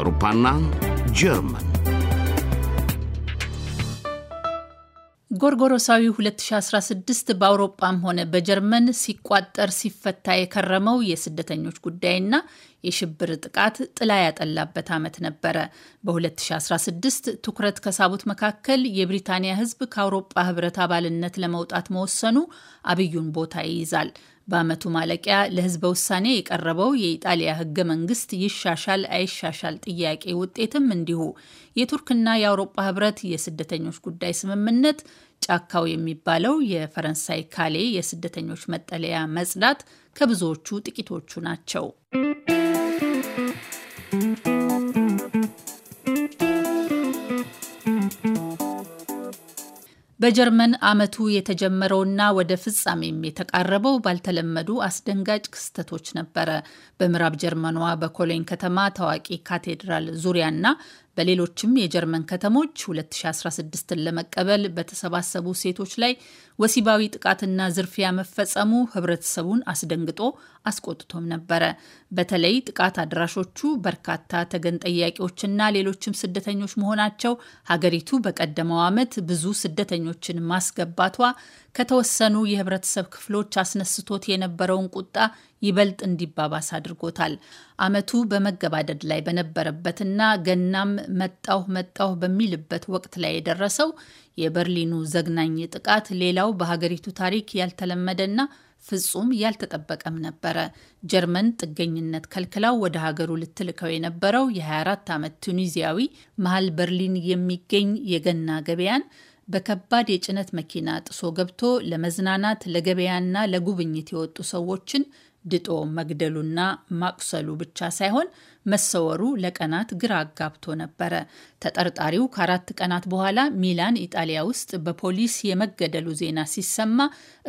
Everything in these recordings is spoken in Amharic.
አውሮፓና ጀርመን ጎርጎሮሳዊ 2016 በአውሮጳም ሆነ በጀርመን ሲቋጠር ሲፈታ የከረመው የስደተኞች ጉዳይና የሽብር ጥቃት ጥላ ያጠላበት ዓመት ነበረ። በ2016 ትኩረት ከሳቡት መካከል የብሪታንያ ሕዝብ ከአውሮጳ ሕብረት አባልነት ለመውጣት መወሰኑ አብዩን ቦታ ይይዛል። በአመቱ ማለቂያ ለህዝበ ውሳኔ የቀረበው የኢጣሊያ ህገ መንግስት ይሻሻል አይሻሻል ጥያቄ ውጤትም እንዲሁ የቱርክና የአውሮፓ ህብረት የስደተኞች ጉዳይ ስምምነት፣ ጫካው የሚባለው የፈረንሳይ ካሌ የስደተኞች መጠለያ መጽዳት ከብዙዎቹ ጥቂቶቹ ናቸው። በጀርመን አመቱ የተጀመረውና ወደ ፍጻሜም የተቃረበው ባልተለመዱ አስደንጋጭ ክስተቶች ነበረ። በምዕራብ ጀርመኗ በኮሎኝ ከተማ ታዋቂ ካቴድራል ዙሪያና በሌሎችም የጀርመን ከተሞች 2016ን ለመቀበል በተሰባሰቡ ሴቶች ላይ ወሲባዊ ጥቃትና ዝርፊያ መፈጸሙ ህብረተሰቡን አስደንግጦ አስቆጥቶም ነበረ። በተለይ ጥቃት አድራሾቹ በርካታ ተገን ጠያቂዎችና ሌሎችም ስደተኞች መሆናቸው ሀገሪቱ በቀደመው ዓመት ብዙ ስደተኞችን ማስገባቷ ከተወሰኑ የህብረተሰብ ክፍሎች አስነስቶት የነበረውን ቁጣ ይበልጥ እንዲባባስ አድርጎታል። አመቱ በመገባደድ ላይ በነበረበትና ገናም መጣሁ መጣሁ በሚልበት ወቅት ላይ የደረሰው የበርሊኑ ዘግናኝ ጥቃት ሌላው በሀገሪቱ ታሪክ ያልተለመደና ፍጹም ያልተጠበቀም ነበረ። ጀርመን ጥገኝነት ከልክላው ወደ ሀገሩ ልትልከው የነበረው የ24 ዓመት ቱኒዚያዊ መሀል በርሊን የሚገኝ የገና ገበያን በከባድ የጭነት መኪና ጥሶ ገብቶ ለመዝናናት ለገበያና ለጉብኝት የወጡ ሰዎችን ድጦ መግደሉና ማቁሰሉ ብቻ ሳይሆን መሰወሩ ለቀናት ግራ አጋብቶ ነበረ። ተጠርጣሪው ከአራት ቀናት በኋላ ሚላን ኢጣሊያ ውስጥ በፖሊስ የመገደሉ ዜና ሲሰማ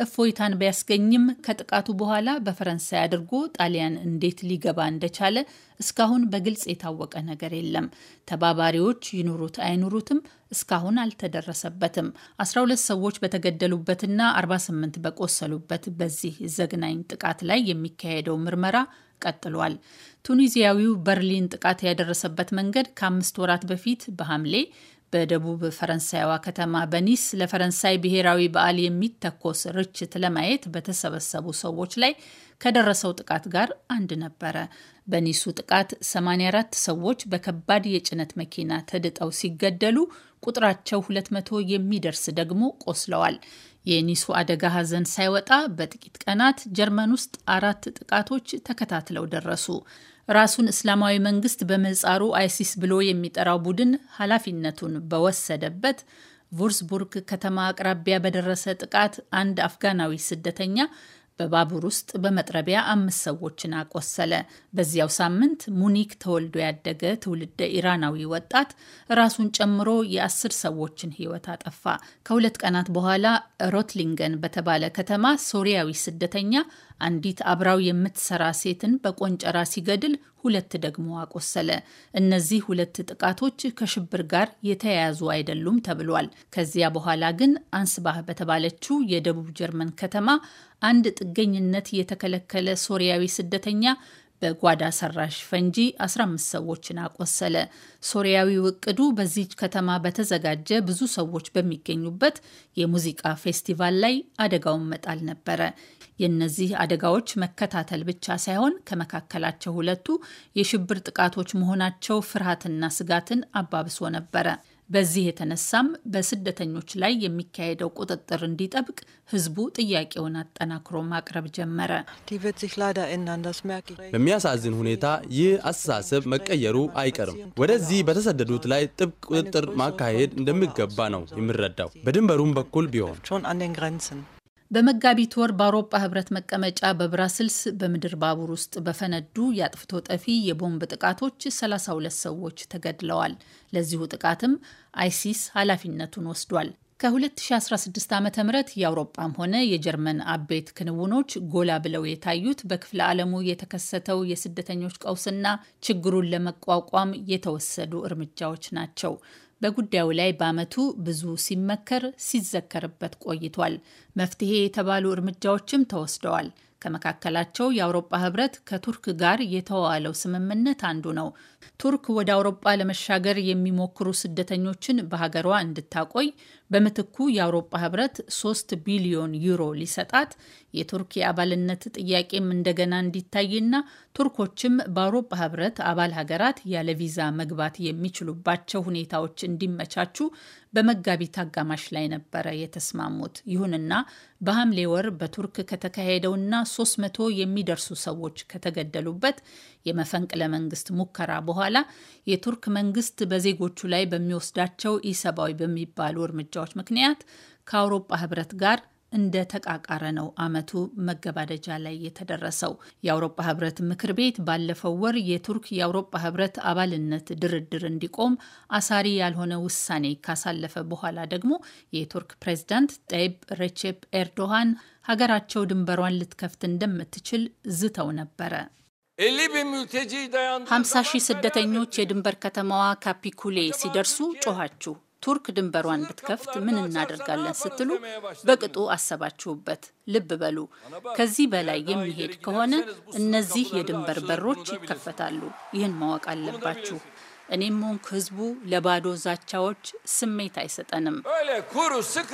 እፎይታን ቢያስገኝም ከጥቃቱ በኋላ በፈረንሳይ አድርጎ ጣሊያን እንዴት ሊገባ እንደቻለ እስካሁን በግልጽ የታወቀ ነገር የለም። ተባባሪዎች ይኑሩት አይኑሩትም እስካሁን አልተደረሰበትም። 12 ሰዎች በተገደሉበትና 48 በቆሰሉበት በዚህ ዘግናኝ ጥቃት ላይ የሚካሄደው ምርመራ ቀጥሏል። ቱኒዚያዊው በርሊን ጥቃት ያደረሰበት መንገድ ከአምስት ወራት በፊት በሐምሌ በደቡብ ፈረንሳይዋ ከተማ በኒስ ለፈረንሳይ ብሔራዊ በዓል የሚተኮስ ርችት ለማየት በተሰበሰቡ ሰዎች ላይ ከደረሰው ጥቃት ጋር አንድ ነበረ። በኒሱ ጥቃት 84 ሰዎች በከባድ የጭነት መኪና ተድጠው ሲገደሉ ቁጥራቸው 200 የሚደርስ ደግሞ ቆስለዋል። የኒሱ አደጋ ሀዘን ሳይወጣ በጥቂት ቀናት ጀርመን ውስጥ አራት ጥቃቶች ተከታትለው ደረሱ። ራሱን እስላማዊ መንግስት በምህጻሩ አይሲስ ብሎ የሚጠራው ቡድን ኃላፊነቱን በወሰደበት ቮርስቡርግ ከተማ አቅራቢያ በደረሰ ጥቃት አንድ አፍጋናዊ ስደተኛ በባቡር ውስጥ በመጥረቢያ አምስት ሰዎችን አቆሰለ። በዚያው ሳምንት ሙኒክ ተወልዶ ያደገ ትውልደ ኢራናዊ ወጣት ራሱን ጨምሮ የአስር ሰዎችን ሕይወት አጠፋ። ከሁለት ቀናት በኋላ ሮትሊንገን በተባለ ከተማ ሶሪያዊ ስደተኛ አንዲት አብራው የምትሰራ ሴትን በቆንጨራ ሲገድል ሁለት ደግሞ አቆሰለ። እነዚህ ሁለት ጥቃቶች ከሽብር ጋር የተያያዙ አይደሉም ተብሏል። ከዚያ በኋላ ግን አንስባህ በተባለችው የደቡብ ጀርመን ከተማ አንድ ጥገኝነት የተከለከለ ሶሪያዊ ስደተኛ በጓዳ ሰራሽ ፈንጂ 15 ሰዎችን አቆሰለ። ሶሪያዊው እቅዱ በዚች ከተማ በተዘጋጀ ብዙ ሰዎች በሚገኙበት የሙዚቃ ፌስቲቫል ላይ አደጋውን መጣል ነበረ። የእነዚህ አደጋዎች መከታተል ብቻ ሳይሆን ከመካከላቸው ሁለቱ የሽብር ጥቃቶች መሆናቸው ፍርሃትና ስጋትን አባብሶ ነበረ። በዚህ የተነሳም በስደተኞች ላይ የሚካሄደው ቁጥጥር እንዲጠብቅ ህዝቡ ጥያቄውን አጠናክሮ ማቅረብ ጀመረ። በሚያሳዝን ሁኔታ ይህ አስተሳሰብ መቀየሩ አይቀርም። ወደዚህ በተሰደዱት ላይ ጥብቅ ቁጥጥር ማካሄድ እንደሚገባ ነው የሚረዳው በድንበሩም በኩል ቢሆን በመጋቢት ወር በአውሮፓ ህብረት መቀመጫ በብራስልስ በምድር ባቡር ውስጥ በፈነዱ የአጥፍቶ ጠፊ የቦምብ ጥቃቶች 32 ሰዎች ተገድለዋል። ለዚሁ ጥቃትም አይሲስ ኃላፊነቱን ወስዷል። ከ2016 ዓ ም የአውሮጳም ሆነ የጀርመን አቤት ክንውኖች ጎላ ብለው የታዩት በክፍለ ዓለሙ የተከሰተው የስደተኞች ቀውስና ችግሩን ለመቋቋም የተወሰዱ እርምጃዎች ናቸው። በጉዳዩ ላይ በአመቱ ብዙ ሲመከር ሲዘከርበት ቆይቷል። መፍትሄ የተባሉ እርምጃዎችም ተወስደዋል። ከመካከላቸው የአውሮፓ ህብረት ከቱርክ ጋር የተዋዋለው ስምምነት አንዱ ነው። ቱርክ ወደ አውሮጳ ለመሻገር የሚሞክሩ ስደተኞችን በሀገሯ እንድታቆይ በምትኩ የአውሮጳ ህብረት 3 ቢሊዮን ዩሮ ሊሰጣት የቱርክ የአባልነት ጥያቄም እንደገና እንዲታይና ቱርኮችም በአውሮጳ ህብረት አባል ሀገራት ያለ ቪዛ መግባት የሚችሉባቸው ሁኔታዎች እንዲመቻቹ በመጋቢት አጋማሽ ላይ ነበረ የተስማሙት። ይሁንና በሐምሌ ወር በቱርክ ከተካሄደውና 300 የሚደርሱ ሰዎች ከተገደሉበት የመፈንቅለ መንግስት ሙከራ በኋላ የቱርክ መንግስት በዜጎቹ ላይ በሚወስዳቸው ኢሰብአዊ በሚባሉ እርምጃዎች ምክንያት ከአውሮፓ ህብረት ጋር እንደ ተቃቃረ ነው አመቱ መገባደጃ ላይ የተደረሰው። የአውሮፓ ህብረት ምክር ቤት ባለፈው ወር የቱርክ የአውሮፓ ህብረት አባልነት ድርድር እንዲቆም አሳሪ ያልሆነ ውሳኔ ካሳለፈ በኋላ ደግሞ የቱርክ ፕሬዝዳንት ጠይብ ሬቼፕ ኤርዶሃን ሀገራቸው ድንበሯን ልትከፍት እንደምትችል ዝተው ነበረ። ሀምሳ ሺህ ስደተኞች የድንበር ከተማዋ ካፒኩሌ ሲደርሱ ጮኋችሁ ቱርክ ድንበሯን ብትከፍት ምን እናደርጋለን ስትሉ በቅጡ አሰባችሁበት። ልብ በሉ፣ ከዚህ በላይ የሚሄድ ከሆነ እነዚህ የድንበር በሮች ይከፈታሉ። ይህን ማወቅ አለባችሁ። እኔም ሆንኩ ህዝቡ ለባዶ ዛቻዎች ስሜት አይሰጠንም። ኩሩ ስክ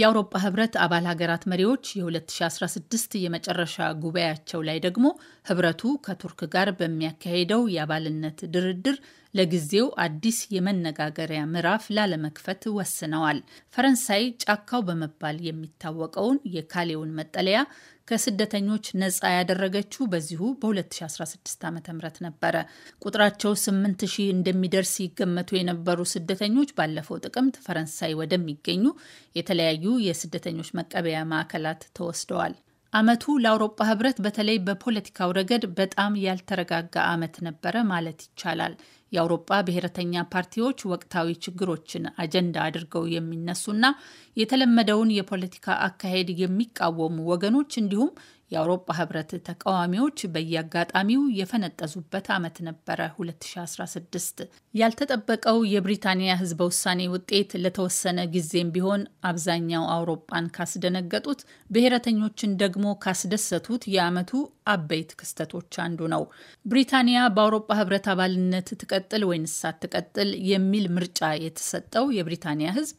የአውሮፓ ህብረት አባል ሀገራት መሪዎች የ2016 የመጨረሻ ጉባኤያቸው ላይ ደግሞ ህብረቱ ከቱርክ ጋር በሚያካሄደው የአባልነት ድርድር ለጊዜው አዲስ የመነጋገሪያ ምዕራፍ ላለመክፈት ወስነዋል። ፈረንሳይ ጫካው በመባል የሚታወቀውን የካሌውን መጠለያ ከስደተኞች ነፃ ያደረገችው በዚሁ በ2016 ዓ ም ነበረ። ቁጥራቸው 8ምት ሺህ እንደሚደርስ ይገመቱ የነበሩ ስደተኞች ባለፈው ጥቅምት ፈረንሳይ ወደሚገኙ የተለያዩ የስደተኞች መቀበያ ማዕከላት ተወስደዋል። ዓመቱ ለአውሮፓ ህብረት በተለይ በፖለቲካው ረገድ በጣም ያልተረጋጋ ዓመት ነበረ ማለት ይቻላል። የአውሮጳ ብሔረተኛ ፓርቲዎች ወቅታዊ ችግሮችን አጀንዳ አድርገው የሚነሱና የተለመደውን የፖለቲካ አካሄድ የሚቃወሙ ወገኖች እንዲሁም የአውሮፓ ህብረት ተቃዋሚዎች በየአጋጣሚው የፈነጠዙበት ዓመት ነበረ 2016። ያልተጠበቀው የብሪታንያ ህዝበ ውሳኔ ውጤት ለተወሰነ ጊዜም ቢሆን አብዛኛው አውሮፓን ካስደነገጡት፣ ብሔረተኞችን ደግሞ ካስደሰቱት የዓመቱ አበይት ክስተቶች አንዱ ነው። ብሪታንያ በአውሮፓ ህብረት አባልነት ትቀጥል ወይንስ አትቀጥል የሚል ምርጫ የተሰጠው የብሪታንያ ህዝብ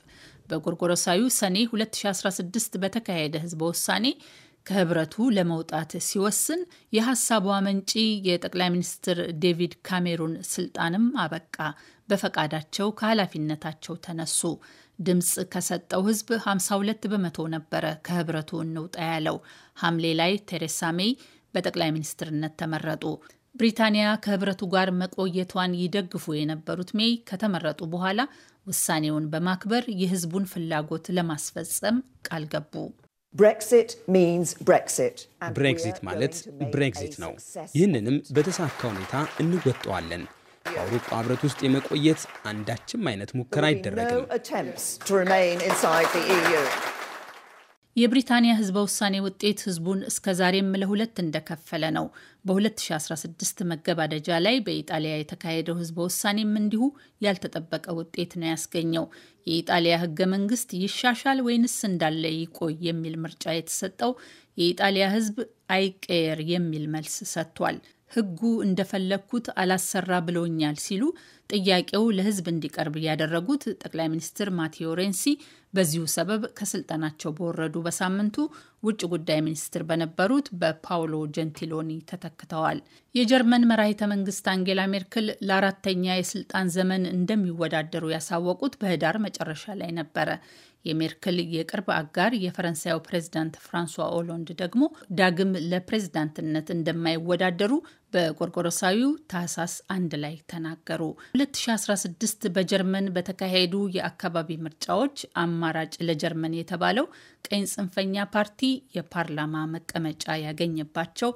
በጎርጎሮሳዊ ሰኔ 2016 በተካሄደ ህዝበ ውሳኔ ከህብረቱ ለመውጣት ሲወስን የሀሳቧ መንጪ የጠቅላይ ሚኒስትር ዴቪድ ካሜሩን ስልጣንም አበቃ። በፈቃዳቸው ከኃላፊነታቸው ተነሱ። ድምፅ ከሰጠው ህዝብ 52 በመቶ ነበረ ከህብረቱ እንውጣ ያለው። ሐምሌ ላይ ቴሬሳ ሜይ በጠቅላይ ሚኒስትርነት ተመረጡ። ብሪታንያ ከህብረቱ ጋር መቆየቷን ይደግፉ የነበሩት ሜይ ከተመረጡ በኋላ ውሳኔውን በማክበር የህዝቡን ፍላጎት ለማስፈጸም ቃል ገቡ። ብሬግዚት ማለት ብሬግዚት ነው። ይህንንም በተሳካ ሁኔታ እንወጣዋለን። በአውሮፓ ህብረት ውስጥ የመቆየት አንዳችም አይነት ሙከራ አይደረግም። የብሪታንያ ህዝበ ውሳኔ ውጤት ህዝቡን እስከ ዛሬም ለሁለት እንደከፈለ ነው። በ2016 መገባደጃ ላይ በኢጣሊያ የተካሄደው ህዝበ ውሳኔም እንዲሁ ያልተጠበቀ ውጤት ነው ያስገኘው። የኢጣሊያ ህገ መንግስት ይሻሻል ወይንስ እንዳለ ይቆይ የሚል ምርጫ የተሰጠው የኢጣሊያ ህዝብ አይቀየር የሚል መልስ ሰጥቷል። ህጉ እንደፈለግኩት አላሰራ ብሎኛል ሲሉ ጥያቄው ለህዝብ እንዲቀርብ ያደረጉት ጠቅላይ ሚኒስትር ማቴዎ ሬንሲ በዚሁ ሰበብ ከስልጣናቸው በወረዱ በሳምንቱ ውጭ ጉዳይ ሚኒስትር በነበሩት በፓውሎ ጀንቲሎኒ ተተክተዋል። የጀርመን መራሂተ መንግስት አንጌላ ሜርክል ለአራተኛ የስልጣን ዘመን እንደሚወዳደሩ ያሳወቁት በህዳር መጨረሻ ላይ ነበረ። የሜርክል የቅርብ አጋር የፈረንሳዩ ፕሬዚዳንት ፍራንሷ ኦሎንድ ደግሞ ዳግም ለፕሬዝዳንትነት እንደማይወዳደሩ በቆርቆሮሳዊው ታህሳስ አንድ ላይ ተናገሩ። 2016 በጀርመን በተካሄዱ የአካባቢ ምርጫዎች አማራጭ ለጀርመን የተባለው ቀኝ ጽንፈኛ ፓርቲ የፓርላማ መቀመጫ ያገኘባቸው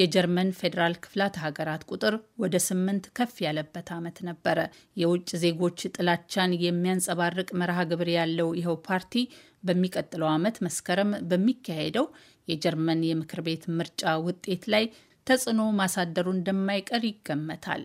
የጀርመን ፌዴራል ክፍላት ሀገራት ቁጥር ወደ ስምንት ከፍ ያለበት ዓመት ነበረ። የውጭ ዜጎች ጥላቻን የሚያንጸባርቅ መርሃ ግብር ያለው ይኸው ፓርቲ በሚቀጥለው ዓመት መስከረም በሚካሄደው የጀርመን የምክር ቤት ምርጫ ውጤት ላይ ተጽዕኖ ማሳደሩ እንደማይቀር ይገመታል።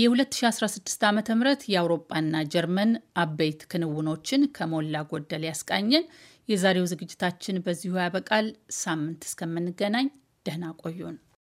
የ2016 ዓ ም የአውሮጳና ጀርመን አበይት ክንውኖችን ከሞላ ጎደል ያስቃኘን የዛሬው ዝግጅታችን በዚሁ ያበቃል። ሳምንት እስከምንገናኝ ደህና ቆዩን።